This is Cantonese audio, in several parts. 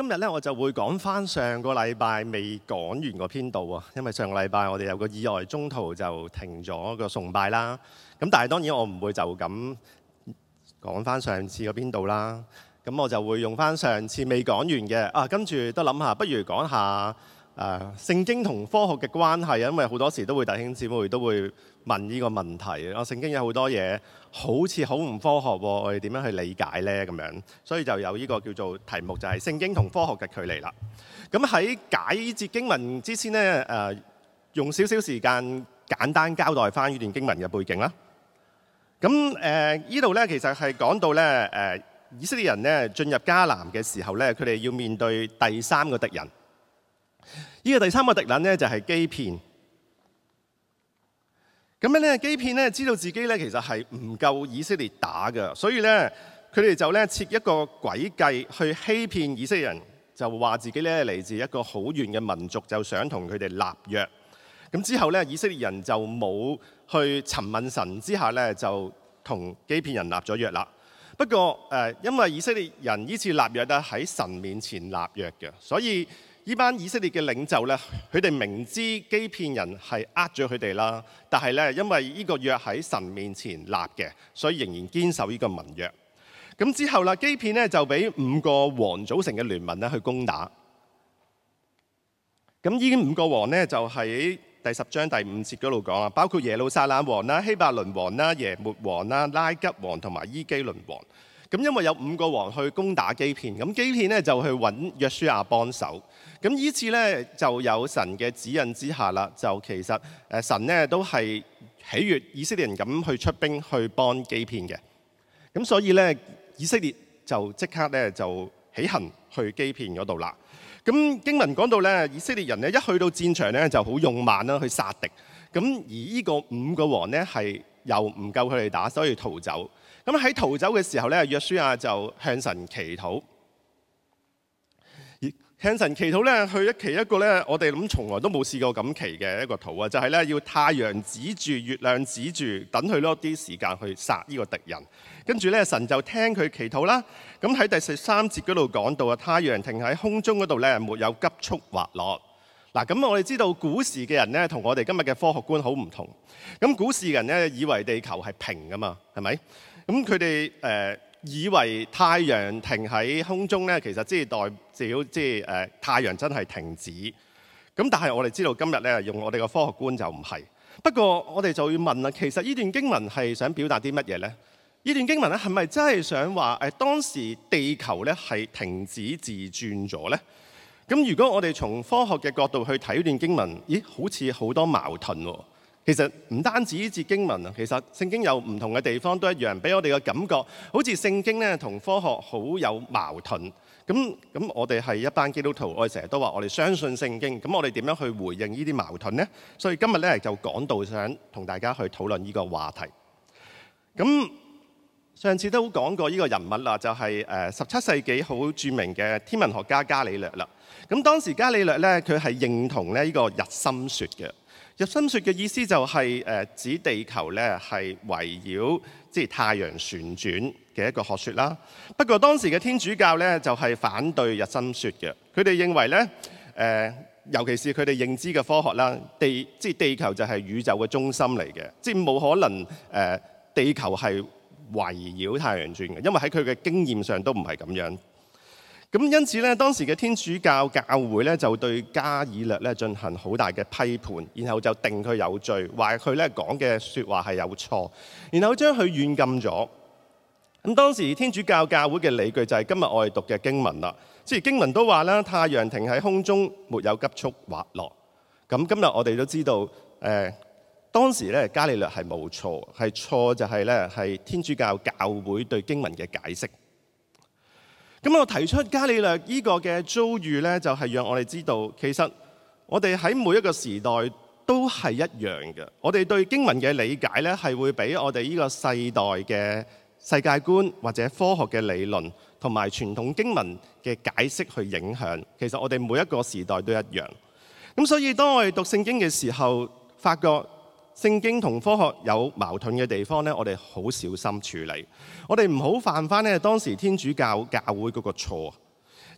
今日咧，我就會講翻上個禮拜未講完嗰篇道啊，因為上個禮拜我哋有個意外，中途就停咗個崇拜啦。咁但係當然我唔會就咁講翻上次嗰篇道啦。咁我就會用翻上次未講完嘅啊，跟住都諗下，不如講下。誒、啊、聖經同科學嘅關係，因為好多時都會弟兄姊妹都會問呢個問題。我、啊、聖經有很多東西好多嘢好似好唔科學喎，我哋點樣去理解呢？咁樣？所以就有呢個叫做題目，就係、是、聖經同科學嘅距離啦。咁喺解呢節經文之前呢，誒、啊、用少少時間簡單交代返呢段經文嘅背景啦。咁誒呢度呢，其實係講到呢，誒、呃、以色列人呢進入迦南嘅時候呢，佢哋要面對第三個敵人。呢、這個第三個敵人呢，就係、是、基遍，咁樣呢，基遍呢知道自己呢其實係唔夠以色列打嘅，所以呢，佢哋就呢設一個詭計去欺騙以色列人，就話自己呢嚟自一個好遠嘅民族，就想同佢哋立約。咁之後呢，以色列人就冇去尋問神之下呢，就同基遍人立咗約啦。不過誒、呃，因為以色列人呢次立約呢，喺神面前立約嘅，所以。呢班以色列嘅領袖咧，佢哋明知基遍人係呃咗佢哋啦，但係咧，因為呢個約喺神面前立嘅，所以仍然堅守呢個盟約。咁之後啦，基遍咧就俾五個王組成嘅聯盟咧去攻打。咁呢五個王咧就喺第十章第五節嗰度講啦，包括耶路撒冷王啦、希伯倫王啦、耶末王啦、拉吉王同埋伊基倫王。咁因為有五個王去攻打基遍，咁基遍咧就去揾約書亞幫手。咁呢次咧就有神嘅指引之下啦，就其實、呃、神咧都係喜悅以色列人咁去出兵去幫基遍嘅，咁所以咧以色列就即刻咧就起行去基遍嗰度啦。咁經文講到咧，以色列人咧一去到戰場咧就好勇猛啦，去殺敵。咁而呢個五個王咧係又唔夠佢哋打，所以逃走。咁喺逃走嘅時候咧，約書亞就向神祈禱。聽神祈禱咧，去一期一個咧，我哋諗從來都冇試過咁祈嘅一個禱啊！就係、是、咧要太陽止住，月亮止住，等佢攞啲時間去殺呢個敵人。跟住咧神就聽佢祈禱啦。咁喺第十三節嗰度講到啊，太陽停喺空中嗰度咧，沒有急速滑落。嗱，咁我哋知道古時嘅人咧，同我哋今日嘅科學觀好唔同。咁古時人咧以為地球係平㗎嘛，係咪？咁佢哋誒。呃以為太陽停喺空中咧，其實即係代表即係誒太陽真係停止。咁但係我哋知道今日咧，用我哋個科學觀就唔係。不過我哋就要問啦，其實呢段經文係想表達啲乜嘢咧？呢段經文咧係咪真係想話誒、呃、當時地球咧係停止自轉咗咧？咁如果我哋從科學嘅角度去睇呢段經文，咦好似好多矛盾喎、哦？其實唔單止呢節經文啊，其實聖經有唔同嘅地方都一樣，俾我哋嘅感覺好似聖經呢同科學好有矛盾。咁咁，那我哋係一班基督徒，我哋成日都話我哋相信聖經。咁我哋點樣去回應呢啲矛盾呢？所以今日呢，就講道想同大家去討論呢個話題。咁上次都講過呢個人物啦，就係誒十七世紀好著名嘅天文學家伽利略啦。咁當時伽利略呢，佢係認同呢呢個日心說嘅。日心説嘅意思就係誒指地球咧係圍繞即係太陽旋轉嘅一個學説啦。不過當時嘅天主教咧就係反對日心説嘅，佢哋認為咧誒、呃，尤其是佢哋認知嘅科學啦，地即係地球就係宇宙嘅中心嚟嘅，即係冇可能誒地球係圍繞太陽轉嘅，因為喺佢嘅經驗上都唔係咁樣。咁因此咧，當時嘅天主教教會咧就對加里略咧進行好大嘅批判，然後就定佢有罪，說說話佢咧講嘅說話係有錯，然後將佢軟禁咗。咁當時天主教教會嘅理據就係今日我哋讀嘅經文啦，即係經文都話咧，太陽停喺空中，沒有急速滑落。咁今日我哋都知道，誒、呃、當時咧加利略係冇錯，係錯就係咧係天主教教會對經文嘅解釋。咁我提出伽利略呢個嘅遭遇咧，就係讓我哋知道，其實我哋喺每一個時代都係一樣嘅。我哋對經文嘅理解咧，係會俾我哋呢個世代嘅世界觀或者科學嘅理論同埋傳統經文嘅解釋去影響，其實我哋每一個時代都一樣，咁所以當我哋讀聖經嘅時候，發覺。聖經同科學有矛盾嘅地方呢，我哋好小心處理。我哋唔好犯翻呢當時天主教教會嗰個錯，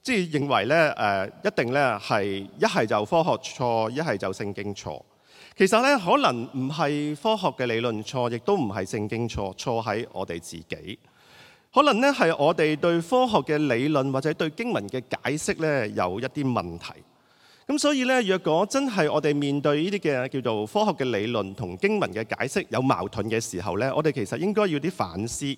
即係認為呢誒一定呢係一係就科學錯，一係就聖經錯。其實呢，可能唔係科學嘅理論錯，亦都唔係聖經錯，錯喺我哋自己。可能呢係我哋對科學嘅理論或者對經文嘅解釋呢，有一啲問題。咁所以咧，若果真係我哋面對呢啲嘅叫做科學嘅理論同經文嘅解釋有矛盾嘅時候咧，我哋其實應該要啲反思。咁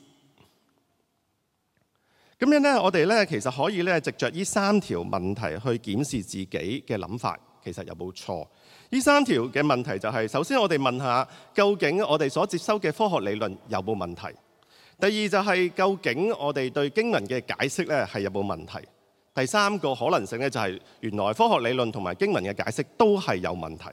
樣咧，我哋咧其實可以咧，藉著呢三條問題去檢視自己嘅諗法，其實有冇錯？呢三條嘅問題就係，首先我哋問下，究竟我哋所接收嘅科學理論有冇問題？第二就係，究竟我哋對經文嘅解釋咧係有冇問題？第三個可能性咧，就係原來科學理論同埋經文嘅解釋都係有問題。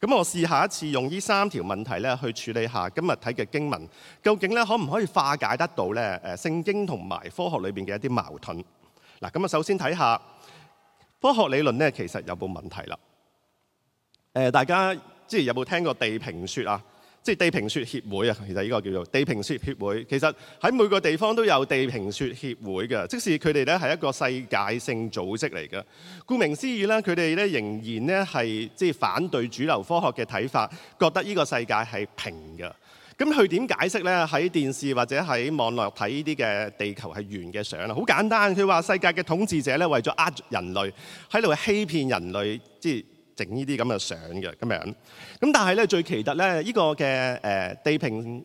咁我試下一次用呢三條問題咧，去處理一下今日睇嘅經文，究竟咧可唔可以化解得到咧？誒，聖經同埋科學裏面嘅一啲矛盾。嗱，咁啊，首先睇下科學理論咧，其實有冇問題啦？誒，大家之前有冇聽過地平說啊？即係地平說協會啊，其實呢個叫做地平說協會。其實喺每個地方都有地平說協會嘅，即使佢哋咧係一個世界性組織嚟嘅。顧名思義咧，佢哋咧仍然咧係即係反對主流科學嘅睇法，覺得呢個世界係平嘅。咁佢點解釋咧？喺電視或者喺網絡睇啲嘅地球係圓嘅相啊，好簡單。佢話世界嘅統治者咧為咗呃人類，喺度欺騙人類，即係。整呢啲咁嘅相嘅咁樣，咁但係咧最奇特咧，呢、這個嘅誒地平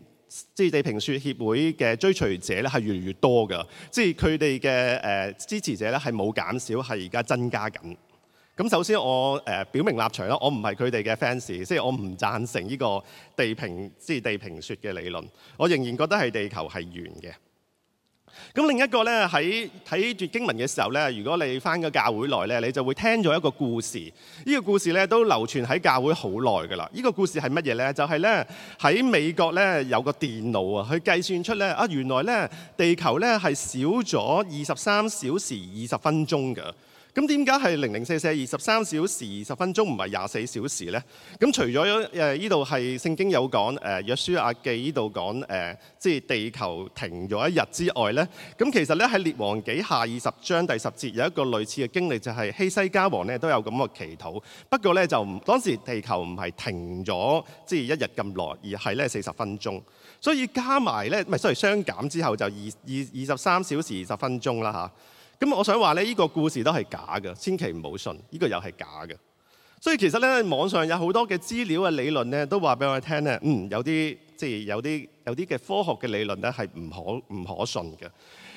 即係地平說協會嘅追隨者咧係越嚟越多嘅，即係佢哋嘅誒支持者咧係冇減少，係而家增加緊，咁首先我誒表明立場啦，我唔係佢哋嘅 fans，即係我唔贊成呢個地平即係地平說嘅理論，我仍然覺得係地球係圓嘅。咁另一個呢，喺睇住經文嘅時候呢，如果你翻個教會來呢，你就會聽咗一個故事。呢、這個故事呢，都流傳喺教會好耐㗎啦。呢、這個故事係乜嘢呢？就係、是、呢，喺美國呢，有個電腦啊，佢計算出呢，啊原來呢，地球呢，係少咗二十三小時二十分鐘㗎。咁點解係零零四四二十三小時二十分鐘唔係廿四小時呢？咁除咗呢度係聖經有講，誒、呃、約書亞、啊、記呢度講，即係地球停咗一日之外呢，咁其實咧喺列王紀下二十章第十節有一個類似嘅經歷，就係希西家王呢都有咁嘅祈禱。不過呢，就唔當時地球唔係停咗即係一日咁耐，而係呢四十分鐘。所以加埋呢，咪所然相減之後就二二二十三小時二十分鐘啦嚇咁我想話呢，呢個故事都係假嘅，千祈唔好信。呢個又係假嘅，所以其實呢，網上有好多嘅資料嘅理論呢，都話俾我哋聽呢，嗯，有啲即係有啲有啲嘅科學嘅理論呢，係唔可唔可信嘅。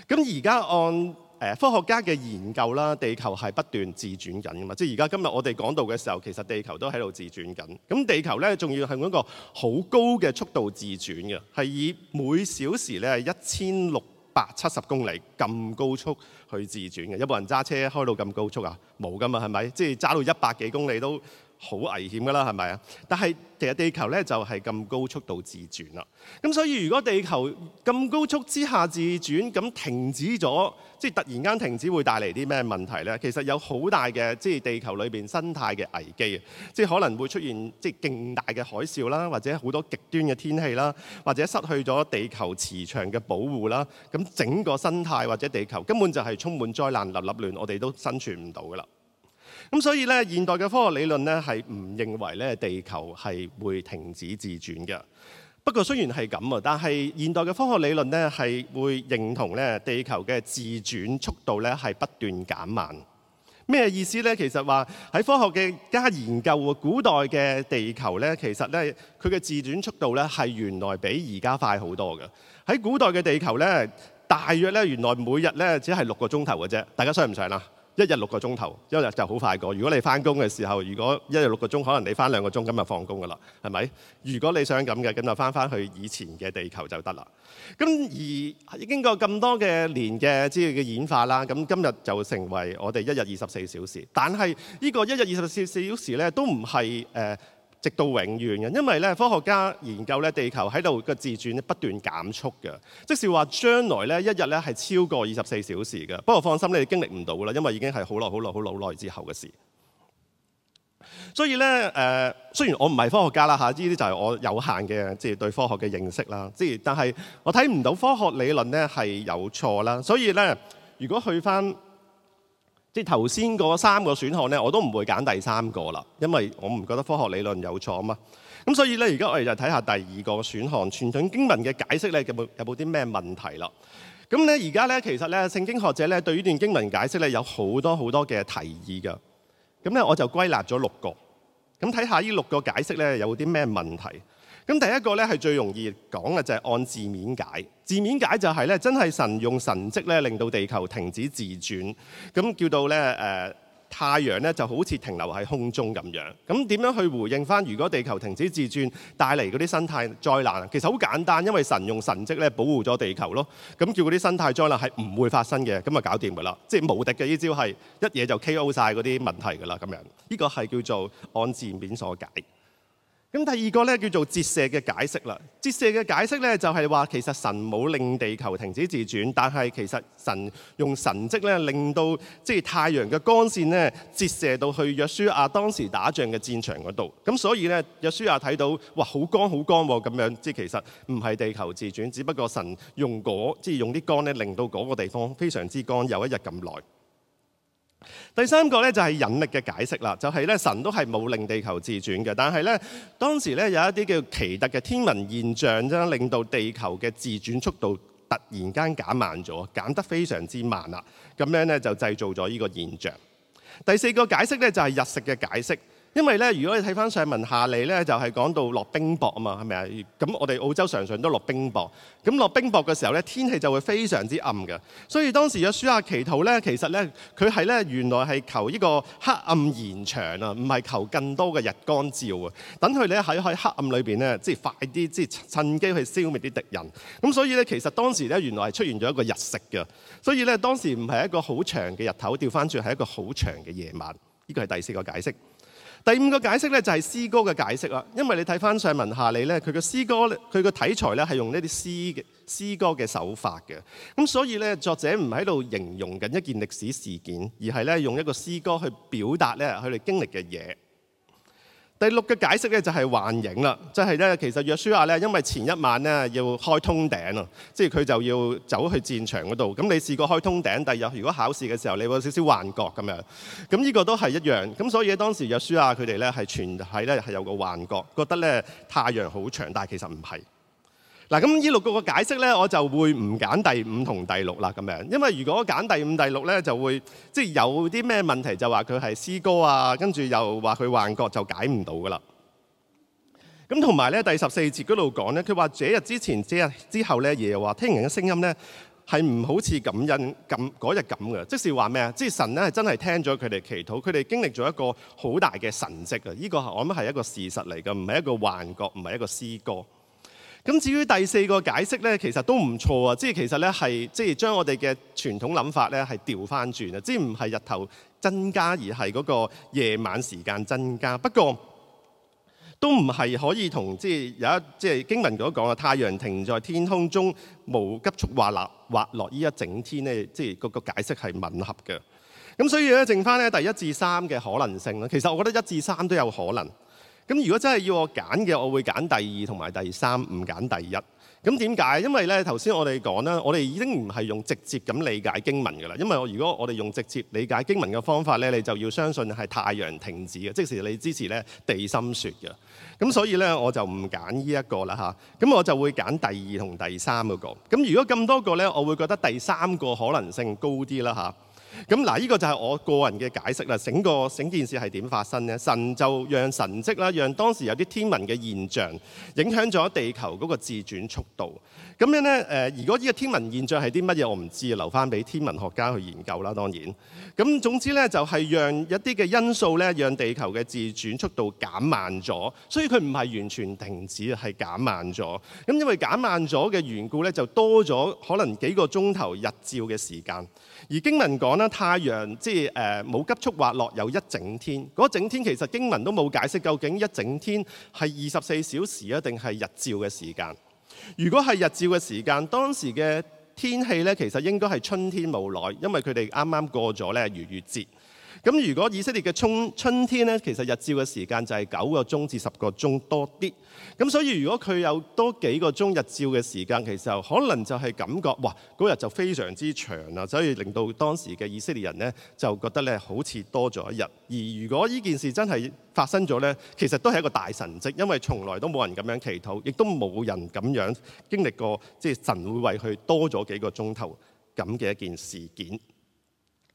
咁而家按、呃、科學家嘅研究啦，地球係不斷自轉緊嘛。即係而家今日我哋講到嘅時候，其實地球都喺度自轉緊。咁地球呢，仲要係嗰個好高嘅速度自轉嘅，係以每小時呢，一千六百七十公里咁高速去自轉嘅，有冇人揸車開到咁高速啊？冇噶嘛，係咪？即係揸到一百幾公里都。好危險噶啦，係咪啊？但係其實地球咧就係咁高速度自轉啦。咁所以如果地球咁高速之下自轉，咁停止咗，即係突然間停止，會帶嚟啲咩問題呢？其實有好大嘅，即係地球裏邊生態嘅危機啊！即係可能會出現即係勁大嘅海嘯啦，或者好多極端嘅天氣啦，或者失去咗地球磁場嘅保護啦，咁整個生態或者地球根本就係充滿災難、立立亂，我哋都生存唔到噶啦。咁所以咧，現代嘅科學理論咧係唔認為咧地球係會停止自轉嘅。不過雖然係咁啊，但係現代嘅科學理論咧係會認同咧地球嘅自轉速度咧係不斷減慢。咩意思咧？其實話喺科學嘅加研究古代嘅地球咧，其實咧，佢嘅自轉速度咧係原來比而家快好多嘅。喺古代嘅地球咧，大約咧原來每日咧只係六個鐘頭嘅啫。大家想唔想啊？一日六個鐘頭，一日就好快過。如果你翻工嘅時候，如果一日六個鐘，可能你翻兩個鐘，今日放工噶啦，係咪？如果你想咁嘅，咁就翻翻去以前嘅地球就得啦。咁而經過咁多嘅年嘅之類嘅演化啦，咁今日就成為我哋一日二十四小時。但係呢、這個一日二十四小時咧，都唔係直到永遠嘅，因為咧科學家研究咧地球喺度嘅自轉不斷減速嘅，即是話將來咧一日咧係超過二十四小時嘅。不過放心，你哋經歷唔到啦，因為已經係好耐好耐好耐、好耐之後嘅事。所以咧誒、呃，雖然我唔係科學家啦嚇，呢啲就係我有限嘅即係對科學嘅認識啦。即係但係我睇唔到科學理論咧係有錯啦。所以咧，如果去翻。即係頭先嗰三個選項咧，我都唔會揀第三個啦，因為我唔覺得科學理論有錯啊嘛。咁所以咧，而家我哋就睇下第二個選項，傳統經文嘅解釋咧，有冇有冇啲咩問題啦？咁咧，而家咧其實咧，聖經學者咧對呢段經文解釋咧有好多好多嘅提議噶。咁咧，我就歸納咗六個。咁睇下呢六個解釋咧有啲咩問題。咁第一個咧係最容易講嘅就係按字面解，字面解就係咧真係神用神蹟咧令到地球停止自轉，咁叫到咧誒太陽咧就好似停留喺空中咁樣。咁點樣去回應翻？如果地球停止自轉帶嚟嗰啲生態災難，其實好簡單，因為神用神蹟咧保護咗地球咯。咁叫嗰啲生態災難係唔會發生嘅，咁啊搞掂㗎啦，即係無敵嘅呢招係一嘢就 K.O. 晒嗰啲問題㗎啦，咁樣。呢個係叫做按字面所解。咁第二個呢，叫做折射嘅解釋啦。折射嘅解釋呢，就係話其實神冇令地球停止自轉，但係其實神用神跡呢，令到即係太陽嘅光線呢，折射到去約書亞當時打仗嘅戰場嗰度。咁所以呢，約書亞睇到哇好光好光咁樣，即係其實唔係地球自轉，只不過神用嗰即係用啲光呢，令到嗰個地方非常之光，有一日咁耐。第三個咧就係引力嘅解釋啦，就係咧神都係冇令地球自轉嘅，但係咧當時咧有一啲叫奇特嘅天文現象，將令到地球嘅自轉速度突然間減慢咗，減得非常之慢啦。咁樣咧就製造咗呢個現象。第四個解釋咧就係日食嘅解釋。因為咧，如果你睇翻上文下嚟，咧，就係、是、講到落冰雹啊嘛，係咪啊？咁我哋澳洲常常，常都落冰雹。咁落冰雹嘅時候咧，天氣就會非常之暗嘅。所以當時約書亞祈禱咧，其實咧佢係咧原來係求呢個黑暗延長啊，唔係求更多嘅日光照啊。等佢咧喺喺黑暗裏邊咧，即係快啲，即係趁機去消滅啲敵人。咁所以咧，其實當時咧原來係出現咗一個日食嘅。所以咧當時唔係一個好長嘅日頭，調翻轉係一個好長嘅夜晚。呢個係第四個解釋。第五個解釋呢，就係詩歌嘅解釋啦，因為你睇返上文下理呢，佢嘅詩歌佢嘅題材呢，係用呢啲詩歌嘅手法嘅，咁所以呢，作者唔喺度形容緊一件歷史事件，而係呢，用一個詩歌去表達呢，佢哋經歷嘅嘢。第六個解釋呢，就係幻影啦，即係呢，其實約書亞呢，因為前一晚呢，要開通頂啊，即係佢就要走去戰場嗰度。咁你試過開通頂，第二日如果考試嘅時候你會有少少幻覺咁樣，咁呢個都係一樣。咁所以當時約書亞佢哋呢，係存喺呢，係有個幻覺，覺得呢，太陽好長，但係其實唔係。嗱咁依六個解釋咧，我就會唔揀第五同第六啦咁樣，因為如果揀第五第六咧，就會即係、就是、有啲咩問題就話佢係詩歌啊，跟住又話佢幻覺就解唔到噶啦。咁同埋咧，第十四節嗰度講咧，佢話這日之前、這日之後咧，耶和華聽人嘅聲音咧，係唔好似感恩咁嗰日咁嘅。即是話咩啊？即係神咧係真係聽咗佢哋祈禱，佢哋經歷咗一個好大嘅神跡啊！個、呢個我諗係一個事實嚟嘅，唔係一個幻覺，唔係一個詩歌。咁至於第四個解釋咧，其實都唔錯啊！即係其實咧係即係將我哋嘅傳統諗法咧係調翻轉啊！即係唔係日頭增加，而係嗰個夜晚時間增加。不過都唔係可以同即係有一即係經文所講啊，太陽停在天空中無急速滑落滑落呢一整天咧，即係嗰個解釋係吻合嘅。咁所以咧，剩翻咧第一至三嘅可能性咧，其實我覺得一至三都有可能。咁如果真係要我揀嘅，我會揀第二同埋第三，唔揀第一。咁點解？因為咧頭先我哋講啦，我哋已經唔係用直接咁理解經文噶啦。因為我如果我哋用直接理解經文嘅方法咧，你就要相信係太陽停止嘅，即時你支持咧地心說嘅。咁所以咧我就唔揀呢一個啦吓，咁我就會揀第二同第三嗰個。咁如果咁多個咧，我會覺得第三個可能性高啲啦吓。咁嗱，呢個就係我個人嘅解釋啦。整個整件事係點發生呢？神就讓神跡啦，讓當時有啲天文嘅現象影響咗地球嗰個自轉速度。咁樣呢，呃，如果呢個天文現象係啲乜嘢，我唔知，留翻俾天文學家去研究啦。當然，咁總之呢，就係讓一啲嘅因素呢，讓地球嘅自轉速度減慢咗。所以佢唔係完全停止，係減慢咗。咁因為減慢咗嘅緣故呢，就多咗可能幾個鐘頭日照嘅時間。而經文講太陽即係冇，呃、急速滑落，有一整天。嗰、那個、整天其實經文都冇解釋，究竟一整天係二十四小時一定係日照嘅時間？如果係日照嘅時間，當時嘅天氣呢，其實應該係春天冇耐，因為佢哋啱啱過咗呢逾越節。愈愈節咁如果以色列嘅春春天咧，其實日照嘅時間就係九個鐘至十個鐘多啲。咁所以如果佢有多幾個鐘日照嘅時間，其實可能就係感覺哇，嗰日就非常之長啦，所以令到當時嘅以色列人咧，就覺得咧好似多咗一日。而如果呢件事真係發生咗咧，其實都係一個大神蹟，因為從來都冇人咁樣祈禱，亦都冇人咁樣經歷過，即係神會為佢多咗幾個鐘頭咁嘅一件事件。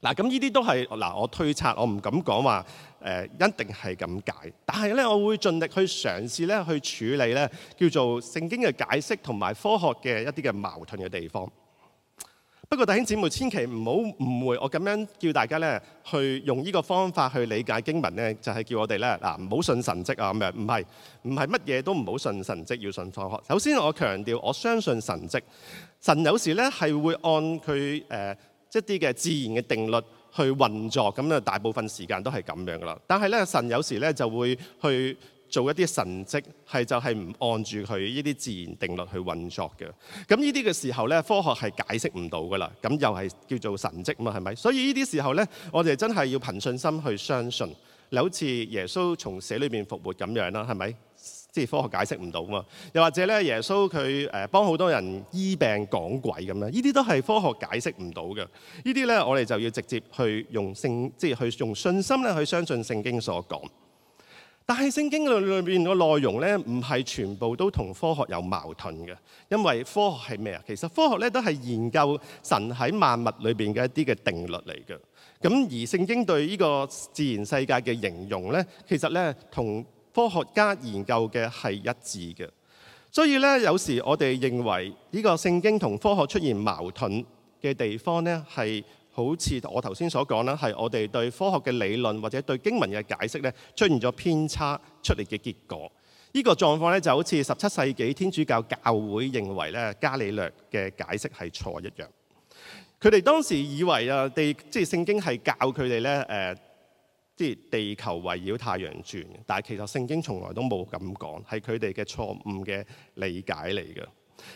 嗱，咁呢啲都係，嗱，我推測，我唔敢講話，誒，一定係咁解。但係咧，我會盡力去嘗試咧，去處理咧，叫做聖經嘅解釋同埋科學嘅一啲嘅矛盾嘅地方。不過弟兄姊妹，千祈唔好誤會，我咁樣叫大家咧，去用呢個方法去理解經文咧，就係叫我哋咧，嗱，唔好信神蹟啊咁樣，唔係，唔係乜嘢都唔好信神蹟，要信科學。首先我強調，我相信神蹟，神有時咧係會按佢誒，一啲嘅自然嘅定律去運作，咁啊大部分時間都係咁樣噶啦。但係咧，神有時咧就會去做一啲神蹟，係就係唔按住佢呢啲自然定律去運作嘅。咁呢啲嘅時候咧，科學係解釋唔到噶啦。咁又係叫做神蹟嘛，係咪？所以呢啲時候咧，我哋真係要憑信心去相信。你好似耶穌從死裏邊復活咁樣啦，係咪？即係科學解釋唔到嘛？又或者咧，耶穌佢誒幫好多人醫病、講鬼咁樣，呢啲都係科學解釋唔到嘅。呢啲咧，我哋就要直接去用信，即係去用信心咧去相信聖經所講。但係聖經裏面個內容咧，唔係全部都同科學有矛盾嘅。因為科學係咩啊？其實科學咧都係研究神喺萬物裏邊嘅一啲嘅定律嚟嘅。咁而聖經對呢個自然世界嘅形容咧，其實咧同科學家研究嘅係一致嘅，所以咧有時我哋認為呢個聖經同科學出現矛盾嘅地方咧，係好似我頭先所講啦，係我哋對科學嘅理論或者對經文嘅解釋咧出現咗偏差，出嚟嘅結果。呢個狀況咧就好似十七世紀天主教教會認為咧伽利略嘅解釋係錯一樣。佢哋當時以為啊，地即係聖經係教佢哋咧誒。即地球圍繞太陽轉，但係其實聖經從來都冇咁講，係佢哋嘅錯誤嘅理解嚟嘅。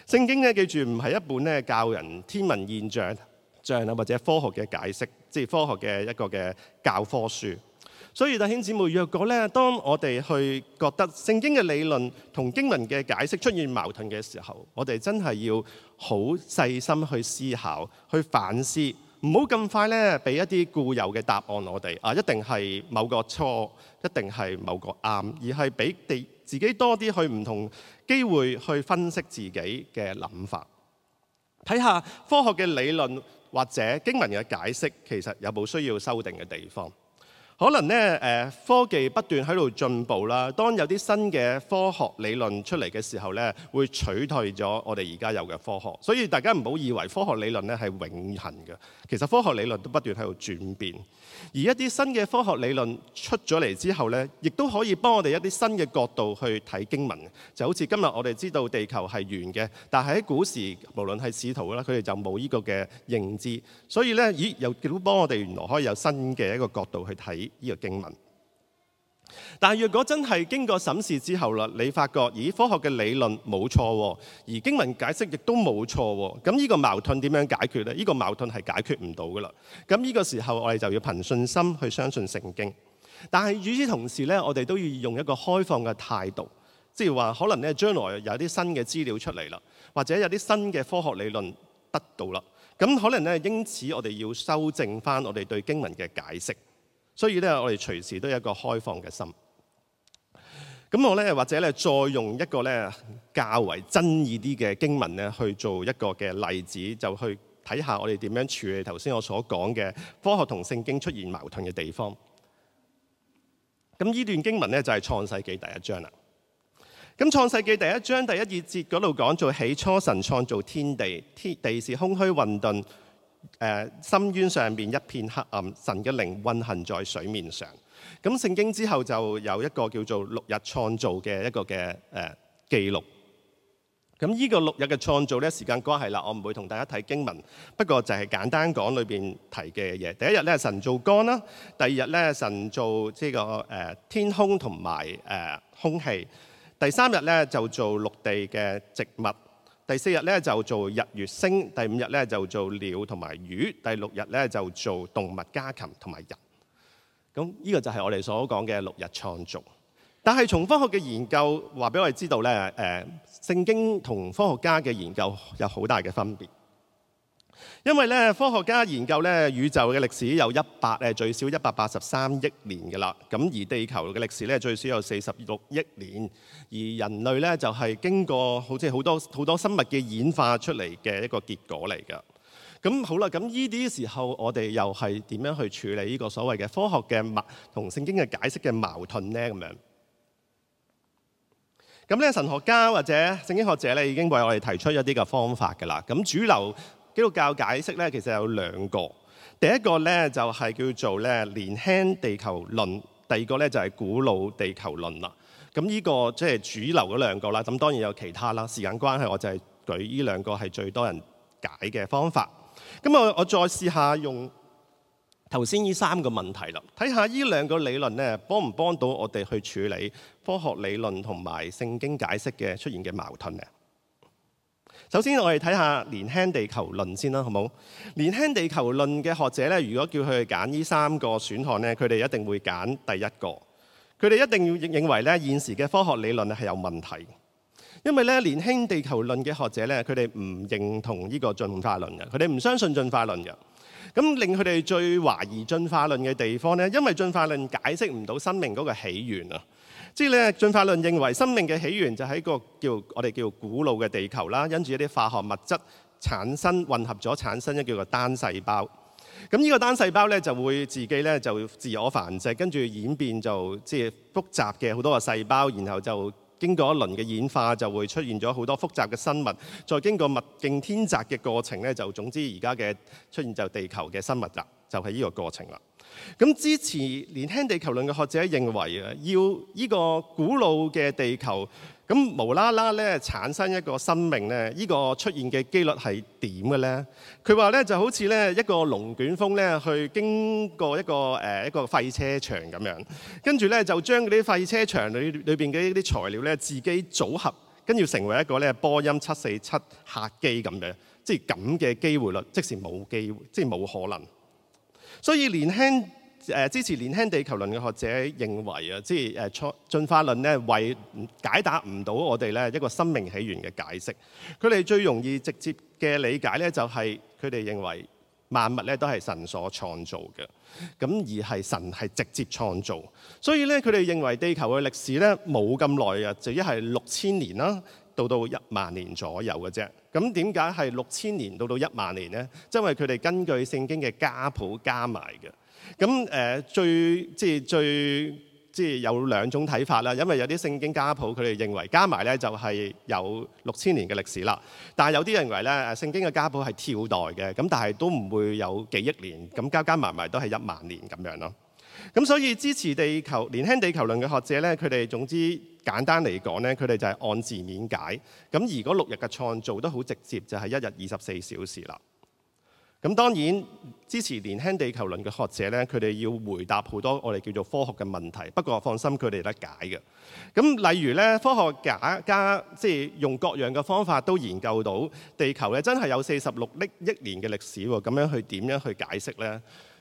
聖經咧，記住唔係一本咧教人天文現象象啊，或者科學嘅解釋，即係科學嘅一個嘅教科書。所以弟兄姊妹若果咧，當我哋去覺得聖經嘅理論同經文嘅解釋出現矛盾嘅時候，我哋真係要好細心去思考、去反思。唔好咁快咧，俾一啲固有嘅答案我哋啊，一定係某個錯，一定係某個啱，而係俾地自己多啲去唔同機會去分析自己嘅諗法，睇下科學嘅理論或者經文嘅解釋，其實有冇需要修訂嘅地方。可能咧，誒科技不斷喺度進步啦。當有啲新嘅科學理論出嚟嘅時候咧，會取代咗我哋而家有嘅科學。所以大家唔好以為科學理論咧係永恆嘅，其實科學理論都不斷喺度轉變。而一啲新嘅科學理論出咗嚟之後呢，亦都可以幫我哋一啲新嘅角度去睇經文。就好似今日我哋知道地球係圓嘅，但係喺古時，無論係使徒啦，佢哋就冇依個嘅認知，所以呢，咦，又點幫我哋原來可以有新嘅一個角度去睇呢個經文？但如果真係經過審視之後啦，你發覺，咦，科學嘅理論冇錯，而經文解釋亦都冇錯，咁呢個矛盾點樣解決呢？呢個矛盾係解決唔到噶啦。咁呢個時候我哋就要憑信心去相信聖經。但係與此同時咧，我哋都要用一個開放嘅態度，即係話可能咧將來有啲新嘅資料出嚟啦，或者有啲新嘅科學理論得到啦，咁可能咧因此我哋要修正翻我哋對經文嘅解釋。所以咧，我哋隨時都有一個開放嘅心。咁我咧，或者咧，再用一個咧較為爭議啲嘅經文咧，去做一個嘅例子，就去睇下我哋點樣處理頭先我所講嘅科學同聖經出現矛盾嘅地方。咁呢段經文咧就係創世記第一章啦。咁創世記第一章第一二節嗰度講做起初神創造天地，天地是空虛混沌。誒，深淵上面一片黑暗，神嘅靈運行在水面上。咁聖經之後就有一個叫做六日創造嘅一個嘅誒、呃、記錄。咁呢個六日嘅創造咧，時間關係啦，我唔會同大家睇經文，不過就係簡單講裏面提嘅嘢。第一日咧，神做光啦，第二日咧神做呢、這個、呃、天空同埋、呃、空氣，第三日咧就做陸地嘅植物。第四日咧就做日月星，第五日咧就做鳥同埋魚，第六日咧就做動物、家禽同埋人。咁呢個就係我哋所講嘅六日創造。但係從科學嘅研究話俾我哋知道咧，誒、呃、聖經同科學家嘅研究有好大嘅分別。因為咧，科學家研究咧，宇宙嘅歷史有一百誒，最少一百八十三億年㗎喇。咁而地球嘅歷史咧，最少有四十六億年。而人類咧，就係經過好似好多好多生物嘅演化出嚟嘅一個結果嚟㗎。咁好啦，咁呢啲時候我哋又係點樣去處理呢個所謂嘅科學嘅矛同聖經嘅解釋嘅矛盾咧？咁樣咁咧，神學家或者聖經學者咧，已經為我哋提出一啲嘅方法㗎喇。咁主流基督教解釋咧，其實有兩個。第一個咧，就係叫做咧年輕地球論，第二個咧，就係古老地球論啦。咁呢個即係主流嗰兩個啦。咁當然有其他啦。時間關係，我就係舉呢兩個係最多人解嘅方法。咁我我再試下用頭先呢三個問題啦，睇下呢兩個理論咧，幫唔幫到我哋去處理科學理論同埋聖經解釋嘅出現嘅矛盾咧？首先我哋睇下年輕地球論先啦，好冇？年輕地球論嘅學者咧，如果叫佢哋揀呢三個選項咧，佢哋一定會揀第一個。佢哋一定要認為咧，現時嘅科學理論咧係有問題，因為咧年輕地球論嘅學者咧，佢哋唔認同呢個進化論嘅，佢哋唔相信進化論嘅。咁令佢哋最懷疑進化論嘅地方咧，因為進化論解釋唔到生命嗰個起源啊。即係咧，進化論認為生命嘅起源就喺一個叫我哋叫古老嘅地球啦，跟住一啲化學物質產生混合咗，產生一個叫做單細胞。咁呢個單細胞咧就會自己咧就自我繁殖，跟住演變就即係複雜嘅好多個細胞，然後就經過一輪嘅演化，就會出現咗好多複雜嘅生物。再經過物競天擇嘅過程咧，就總之而家嘅出現就地球嘅生物啦，就係呢個過程啦。咁支持年輕地球論嘅學者認為啊，要呢個古老嘅地球咁無啦啦咧產生一個生命咧，依、呢個出現嘅機率係點嘅咧？佢話咧就好似咧一個龍捲風咧去經過一個誒一個廢車場咁樣，跟住咧就將嗰啲廢車場裏面嘅一啲材料咧自己組合，跟住成為一個咧波音七四七客機咁樣，即係咁嘅機會率，即使冇機會，即係冇可能。所以年輕誒支持年輕地球論嘅學者認為啊，即係誒進進化論咧，為解答唔到我哋咧一個生命起源嘅解釋。佢哋最容易直接嘅理解咧，就係佢哋認為萬物咧都係神所創造嘅，咁而係神係直接創造。所以咧，佢哋認為地球嘅歷史咧冇咁耐啊，就一係六千年啦。到到一萬年左右嘅啫。咁點解係六千年到到一萬年呢？因為佢哋根據聖經嘅家譜加埋嘅。咁誒、呃、最即係最即係有兩種睇法啦。因為有啲聖經家譜佢哋認為加埋呢就係有六千年嘅歷史啦。但係有啲認為呢，聖經嘅家譜係跳代嘅。咁，但係都唔會有幾億年咁加加埋埋都係一萬年咁樣咯。咁所以支持地球年輕地球論嘅學者咧，佢哋總之簡單嚟講咧，佢哋就係按字面解。咁而嗰六日嘅創造都好直接，就係一日二十四小時啦。咁當然支持年輕地球論嘅學者咧，佢哋要回答好多我哋叫做科學嘅問題，不過放心，佢哋得解嘅。咁例如咧，科學家家即係用各樣嘅方法都研究到地球咧，真係有四十六億年嘅歷史。咁樣去點樣去解釋咧？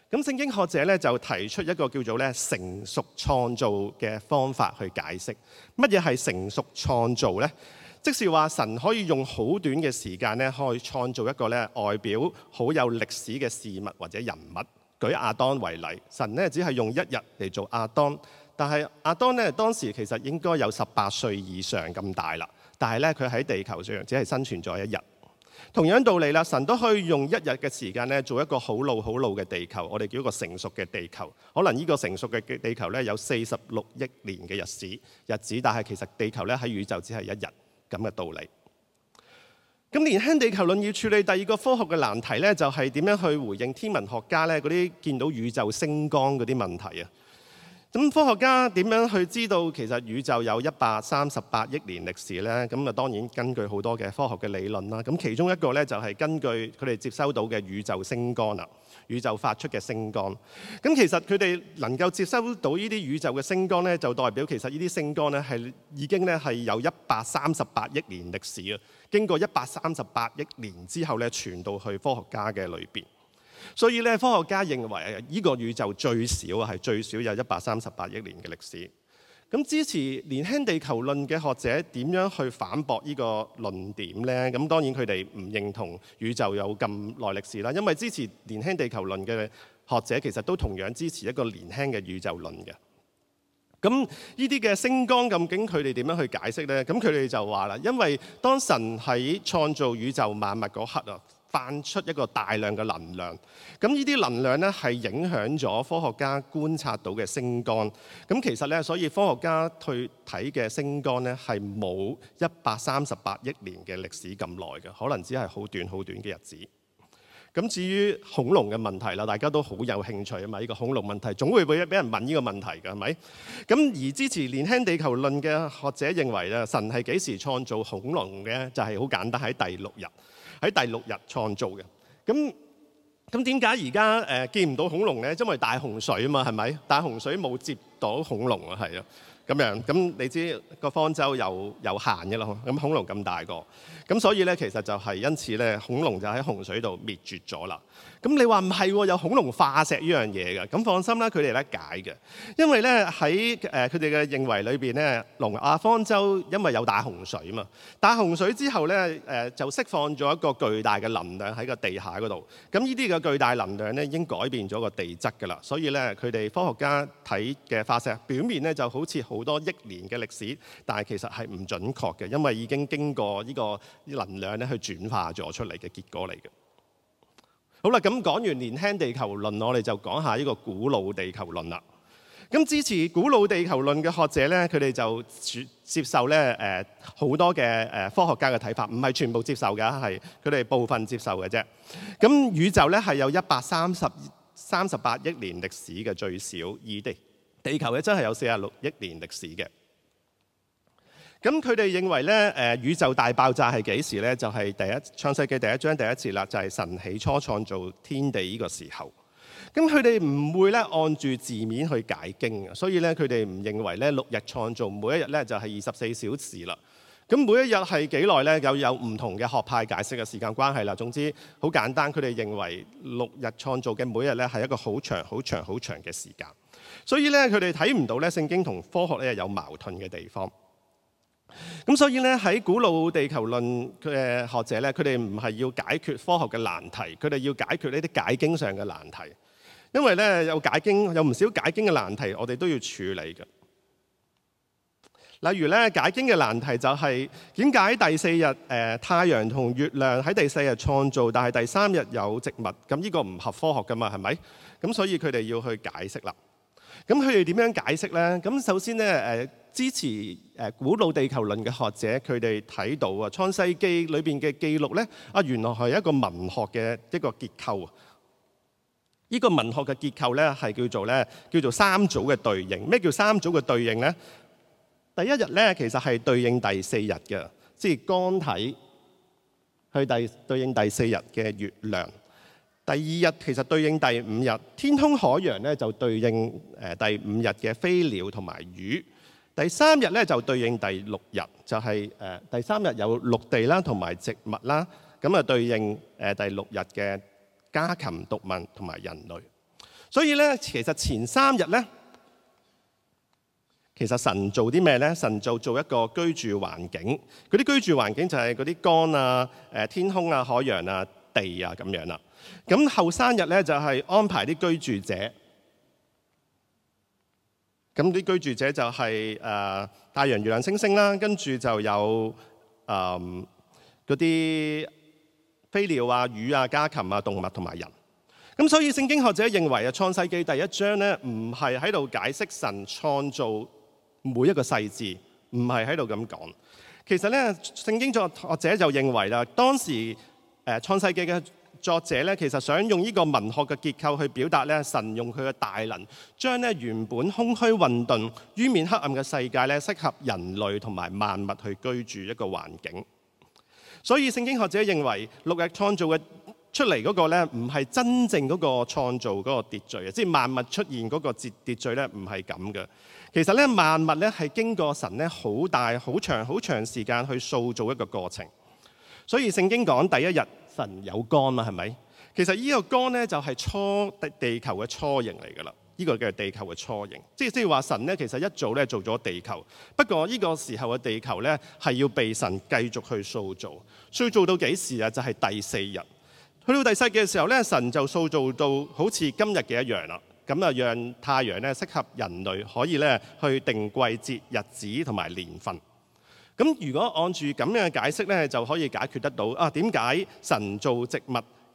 咁聖經學者咧，就提出一個叫做咧成熟創造嘅方法去解釋。乜嘢係成熟創造咧？即是話神可以用好短嘅時間咧去創造一個咧外表好有歷史嘅事物或者人物。舉亞當為例，神咧只係用一日嚟做亞當，但係亞當咧當時其實應該有十八歲以上咁大啦，但係咧佢喺地球上只係生存咗一日。同樣道理啦，神都可以用一日嘅時間咧，做一個好老好老嘅地球，我哋叫一個成熟嘅地球。可能呢個成熟嘅地球咧有四十六億年嘅日子。日子，但係其實地球咧喺宇宙只係一日咁嘅道理。咁年輕地球論要處理第二個科學嘅難題咧，就係點樣去回應天文學家咧嗰啲見到宇宙星光嗰啲問題啊？咁科學家點樣去知道其實宇宙有一百三十八億年歷史呢？咁啊當然根據好多嘅科學嘅理論啦。咁其中一個咧就係、是、根據佢哋接收到嘅宇宙星光啦，宇宙發出嘅星光。咁其實佢哋能夠接收到呢啲宇宙嘅星光咧，就代表其實呢啲星光咧係已經咧係有一百三十八億年歷史啊！經過一百三十八億年之後咧，傳到去科學家嘅裏邊。所以咧，科學家認為呢個宇宙最少啊，係最少有一百三十八億年嘅歷史。咁支持年輕地球論嘅學者點樣去反駁呢個論點呢？咁當然佢哋唔認同宇宙有咁耐歷史啦。因為支持年輕地球論嘅學者其實都同樣支持一個年輕嘅宇宙論嘅。咁呢啲嘅星光究竟佢哋點樣去解釋呢？咁佢哋就話啦，因為當神喺創造宇宙萬物嗰刻啊。彈出一個大量嘅能量，咁呢啲能量咧係影響咗科學家觀察到嘅星光。咁其實咧，所以科學家去睇嘅星光咧係冇一百三十八億年嘅歷史咁耐嘅，可能只係好短好短嘅日子。咁至於恐龍嘅問題啦，大家都好有興趣啊嘛！呢個恐龍問題總會會俾人問呢個問題㗎，係咪？咁而支持年輕地球論嘅學者認為咧，神係幾時創造恐龍嘅？就係好簡單喺第六日。喺第六日創造嘅，咁咁點解而家誒見唔到恐龍咧？因為大洪水啊嘛，係咪？大洪水冇接到恐龍啊，係啊，咁樣咁你知個方舟有有限嘅咯，咁恐龍咁大個，咁所以咧其實就係因此咧，恐龍就喺洪水度滅絕咗啦。咁你話唔係喎？有恐龍化石呢樣嘢嘅，咁放心啦，佢哋咧解嘅，因為咧喺誒佢哋嘅認為裏邊咧，挪亞方舟因為有大洪水嘛，大洪水之後咧誒就釋放咗一個巨大嘅能量喺個地下嗰度，咁呢啲嘅巨大能量咧已經改變咗個地質㗎喇，所以咧佢哋科學家睇嘅化石表面咧就好似好多億年嘅歷史，但係其實係唔準確嘅，因為已經經過呢個能量咧去轉化咗出嚟嘅結果嚟嘅。好啦，咁講完年輕地球論，我哋就講下呢個古老地球論啦。咁支持古老地球論嘅學者咧，佢哋就接受咧，誒好多嘅誒科學家嘅睇法，唔係全部接受嘅，係佢哋部分接受嘅啫。咁宇宙咧係有一百三十三十八億年歷史嘅最少，而地地球咧真係有四十六億年歷史嘅。咁佢哋認為咧、呃，宇宙大爆炸係幾時咧？就係、是、第一創世記第一章第一節啦，就係、是、神起初創造天地呢個時候。咁佢哋唔會咧按住字面去解經啊，所以咧佢哋唔認為咧六日創造每一日咧就係二十四小時啦。咁每一日係幾耐咧？又有唔同嘅學派解釋嘅時間關係啦。總之好簡單，佢哋認為六日創造嘅每一日咧係一個好長、好長、好長嘅時間，所以咧佢哋睇唔到咧聖經同科學咧有矛盾嘅地方。咁所以咧，喺古老地球論嘅學者咧，佢哋唔係要解決科學嘅難題，佢哋要解決呢啲解經上嘅難題。因為咧有解經有唔少解經嘅難題，我哋都要處理嘅。例如咧解經嘅難題就係點解第四日誒太陽同月亮喺第四日創造，但係第三日有植物，咁呢個唔合科學㗎嘛？係咪？咁所以佢哋要去解釋啦。咁佢哋點樣解釋咧？咁首先咧，支持古老地球論嘅學者，佢哋睇到啊《創世記》裏面嘅記錄咧，啊原來係一個文學嘅一個結構。呢個文學嘅結構咧，係叫做咧叫做三組嘅對應。咩叫三組嘅對應咧？第一日咧，其實係對應第四日嘅，即係光體去第對應第四日嘅月亮。第二日其實對應第五日，天空海洋咧就對應誒第五日嘅飛鳥同埋魚。第三日咧就對應第六日，就係、是、誒第三日有陸地啦，同埋植物啦，咁啊對應誒第六日嘅家禽、動物同埋人類。所以咧，其實前三日咧，其實神做啲咩咧？神就做，做一個居住環境，嗰啲居住環境就係嗰啲乾啊、誒天空啊、海洋啊、地啊咁樣啦。咁後三日咧就係安排啲居住者，咁啲居住者就係誒太陽月亮星星啦，跟住就有誒嗰啲飛鳥啊魚啊家禽啊動物同埋人，咁所以聖經學者認為啊創世記第一章咧唔係喺度解釋神創造每一個細節，唔係喺度咁講，其實咧聖經作學者就認為啦，當時誒創世記嘅作者咧，其實想用呢個文學嘅結構去表達咧，神用佢嘅大能，將咧原本空虛混沌，淵面黑暗嘅世界咧，適合人類同埋萬物去居住一個環境。所以聖經學者認為六日創造嘅出嚟嗰個咧，唔係真正嗰個創造嗰個秩序啊，即係萬物出現嗰個折秩序咧，唔係咁嘅。其實咧，萬物咧係經過神咧好大、好長好長時間去塑造一個過程。所以聖經講第一日。神有光啦，係咪？其實呢個光呢，就係、是、初地，地球嘅初形嚟噶啦，呢、這個叫地球嘅初形，即係先話神呢，其實一早呢做咗地球，不過呢個時候嘅地球呢，係要被神繼續去塑造，塑造到幾時啊？就係、是、第四日，去到第四嘅時候呢，神就塑造到好似今日嘅一樣啦。咁啊，讓太陽呢適合人類可以呢去定季節、日子同埋年份。咁如果按住咁樣嘅解釋咧，就可以解決得到啊？點解神做植物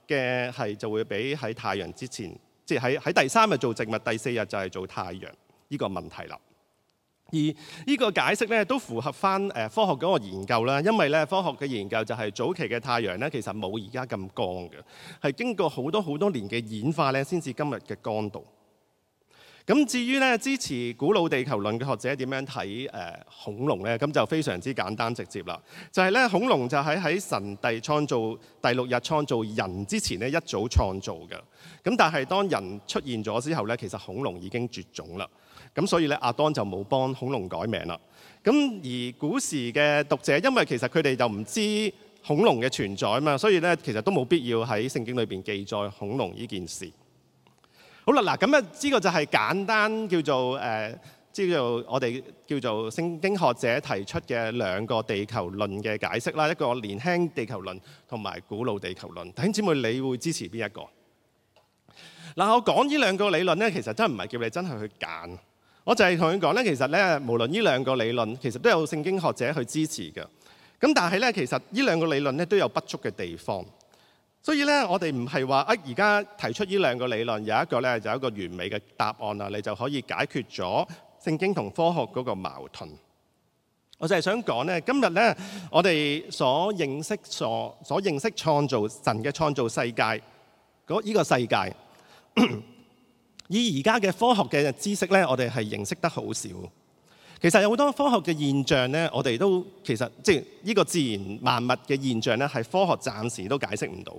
嘅係就會比喺太陽之前，即係喺喺第三日做植物，第四日就係做太陽呢、呢個問題啦？而呢個解釋咧都符合翻誒、呃、科學嗰個研究啦，因為咧科學嘅研究就係、係、早期嘅太陽咧，其實冇而家咁光嘅，係經過好多好多年嘅演化咧，先至今日嘅光度。咁至於咧，支持古老地球論嘅學者點樣睇誒、恐龍咧？咁就非常之簡單直接啦。就係咧，恐龍就係喺神帝創造第六日創造人之前咧，一早創造嘅。咁但係當人出現咗之後咧，其實恐龍已經絕種啦。咁所以咧，阿當就冇幫恐龍改名啦。咁而古時嘅讀者因為其實佢哋就唔知恐龍嘅存在啊嘛，所以咧，其實都冇必要喺聖經裏邊記載恐龍呢件事。好啦，嗱咁啊，呢個就係簡單叫做誒、呃，叫做我哋叫做聖經學者提出嘅兩個地球論嘅解釋啦，一個年輕地球論同埋古老地球論。弟兄姊妹，你會支持邊一個？嗱，我講呢兩個理論咧，其實真係唔係叫你真係去揀，我就係同你講咧，其實咧，無論呢兩個理論，其實都有聖經學者去支持嘅。咁但係咧，其實呢兩個理論咧都有不足嘅地方。所以咧，我哋唔係話啊，而家提出呢兩個理論，有一個咧就有一個完美嘅答案啦，你就可以解決咗聖經同科學嗰個矛盾。我就係想講咧，今日咧，我哋所認識所所認識創造神嘅創造世界嗰，呢個世界，以而家嘅科學嘅知識咧，我哋係認識得好少。其實有好多科學嘅現象咧，我哋都其實即係呢個自然萬物嘅現象咧，係科學暫時都解釋唔到。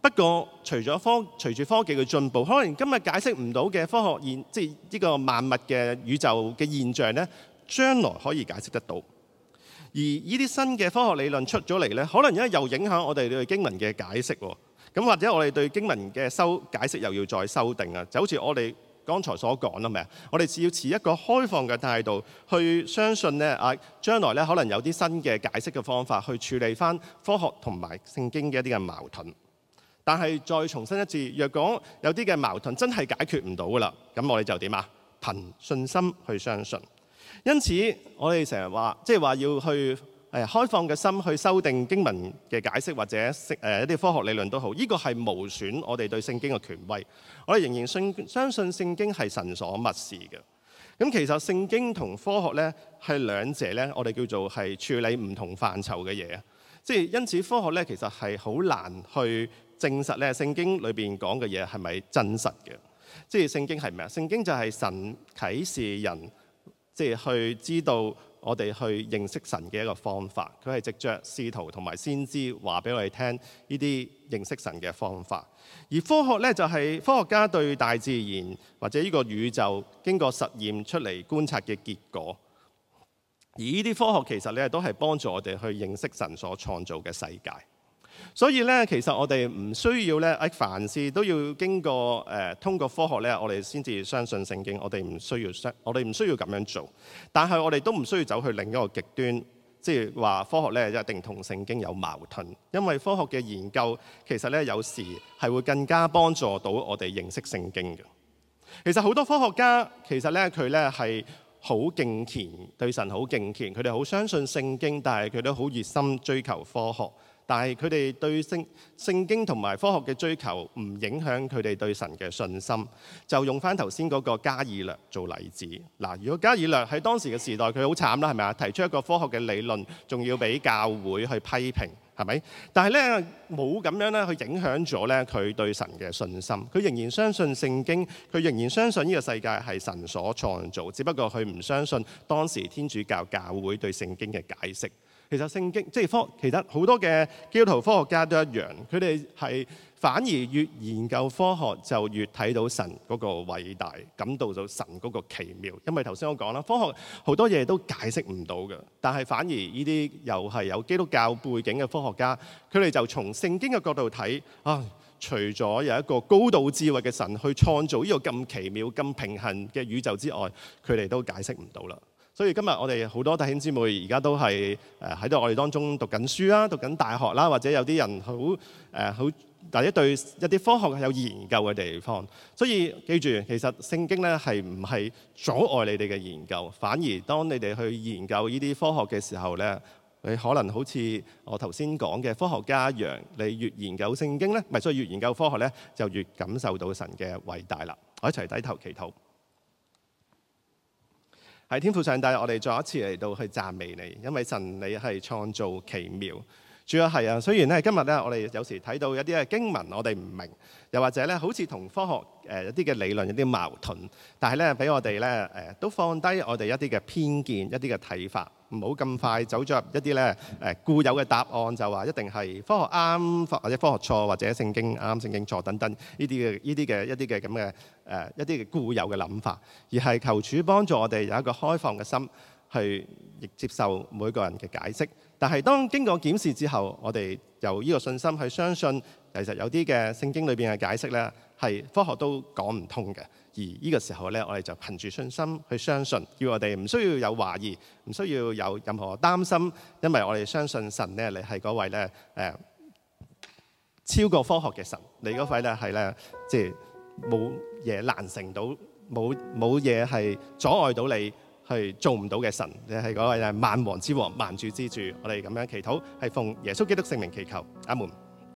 不過除咗科，隨住科技嘅進步，可能今日解釋唔到嘅科學現，即係呢個萬物嘅宇宙嘅現象咧，將來可以解釋得到。而呢啲新嘅科學理論出咗嚟咧，可能而家又影響我哋對經文嘅解釋喎。咁或者我哋對經文嘅修解釋又要再修訂啊。就好似我哋。剛才所講啦，我哋只要持一個開放嘅態度，去相信咧啊，將來可能有啲新嘅解釋嘅方法去處理翻科學同埋聖經嘅一啲嘅矛盾。但係再重申一次，若果有啲嘅矛盾真係解決唔到噶啦，咁我哋就點啊？憑信心去相信。因此我哋成日話，即係話要去。誒開放嘅心去修訂經文嘅解釋，或者誒一啲科學理論都好，呢、這個係無損我哋對聖經嘅權威。我哋仍然信相信聖經係神所默示嘅。咁其實聖經同科學咧係兩者咧，我哋叫做係處理唔同範疇嘅嘢。即係因此科學咧，其實係好難去證實咧聖經裏邊講嘅嘢係咪真實嘅。即係聖經係咩啊？聖經就係神啟示人，即係去知道。我哋去認識神嘅一個方法，佢係藉着使徒同埋先知話俾我哋聽呢啲認識神嘅方法。而科學呢，就係科學家對大自然或者呢個宇宙經過實驗出嚟觀察嘅結果。而呢啲科學其實呢，都係幫助我哋去認識神所創造嘅世界。所以咧，其實我哋唔需要咧喺凡事都要經過誒、呃、通過科學咧，我哋先至相信聖經。我哋唔需要相，我哋唔需要咁樣做。但係我哋都唔需要走去另一個極端，即係話科學咧一定同聖經有矛盾。因為科學嘅研究其實咧有時係會更加幫助到我哋認識聖經嘅。其實好多科學家其實咧佢咧係好敬虔，對神好敬虔，佢哋好相信聖經，但係佢都好熱心追求科學。但係佢哋對聖聖經同埋科學嘅追求，唔影響佢哋對神嘅信心，就用返頭先嗰個加爾略做例子。嗱，如果加爾略喺當時嘅時代，佢好慘啦，係咪啊？提出一個科學嘅理論，仲要俾教會去批評，係咪？但係呢，冇咁樣呢，去影響咗呢佢對神嘅信心。佢仍然相信聖經，佢仍然相信呢個世界係神所創造，只不過佢唔相信當時天主教教會對聖經嘅解釋。其實聖經即係科，其實好多嘅基督徒科學家都一樣，佢哋係反而越研究科學就越睇到神嗰個偉大，感到到神嗰個奇妙。因為頭先我講啦，科學好多嘢都解釋唔到嘅，但係反而呢啲又係有基督教背景嘅科學家，佢哋就從聖經嘅角度睇啊，除咗有一個高度智慧嘅神去創造呢個咁奇妙、咁平衡嘅宇宙之外，佢哋都解釋唔到啦。所以今日我哋好多弟兄姊妹而家都係誒喺度，我哋當中讀緊書啦，讀緊大學啦，或者有啲人好誒好，大家對一啲科學有研究嘅地方。所以記住，其實聖經咧係唔係阻礙你哋嘅研究，反而當你哋去研究呢啲科學嘅時候咧，你可能好似我頭先講嘅科學家一樣，你越研究聖經咧，唔係咪所以越研究科學咧，就越感受到神嘅偉大啦。我一齊低頭祈禱。喺天父上帝，我哋再一次嚟到去讚美你，因為神你係創造奇妙。主要係啊，雖然咧今日咧，我哋有時睇到一啲嘅經文，我哋唔明，又或者咧好似同科學誒一啲嘅理論有啲矛盾，但係咧俾我哋咧誒都放低我哋一啲嘅偏見、一啲嘅睇法，唔好咁快走著入一啲咧誒固有嘅答案，就話一定係科學啱或或者科學錯，或者聖經啱聖經錯等等呢啲嘅呢啲嘅一啲嘅咁嘅誒一啲嘅固有嘅諗法，而係求主幫助我哋有一個開放嘅心去接受每個人嘅解釋。但是，當經過檢視之後，我哋由呢個信心去相信，其實有啲嘅聖經裏面嘅解釋呢，係科學都講唔通嘅。而呢個時候呢，我哋就憑住信心去相信，要我哋唔需要有懷疑，唔需要有任何擔心，因為我哋相信神咧，你係嗰位呢、呃，超過科學嘅神，你嗰位呢，係呢，即係冇嘢難成到，冇嘢係阻礙到你。係做唔到嘅神，你係嗰位萬王之王、萬主之主，我哋咁樣祈禱，係奉耶穌基督聖名祈求，阿門。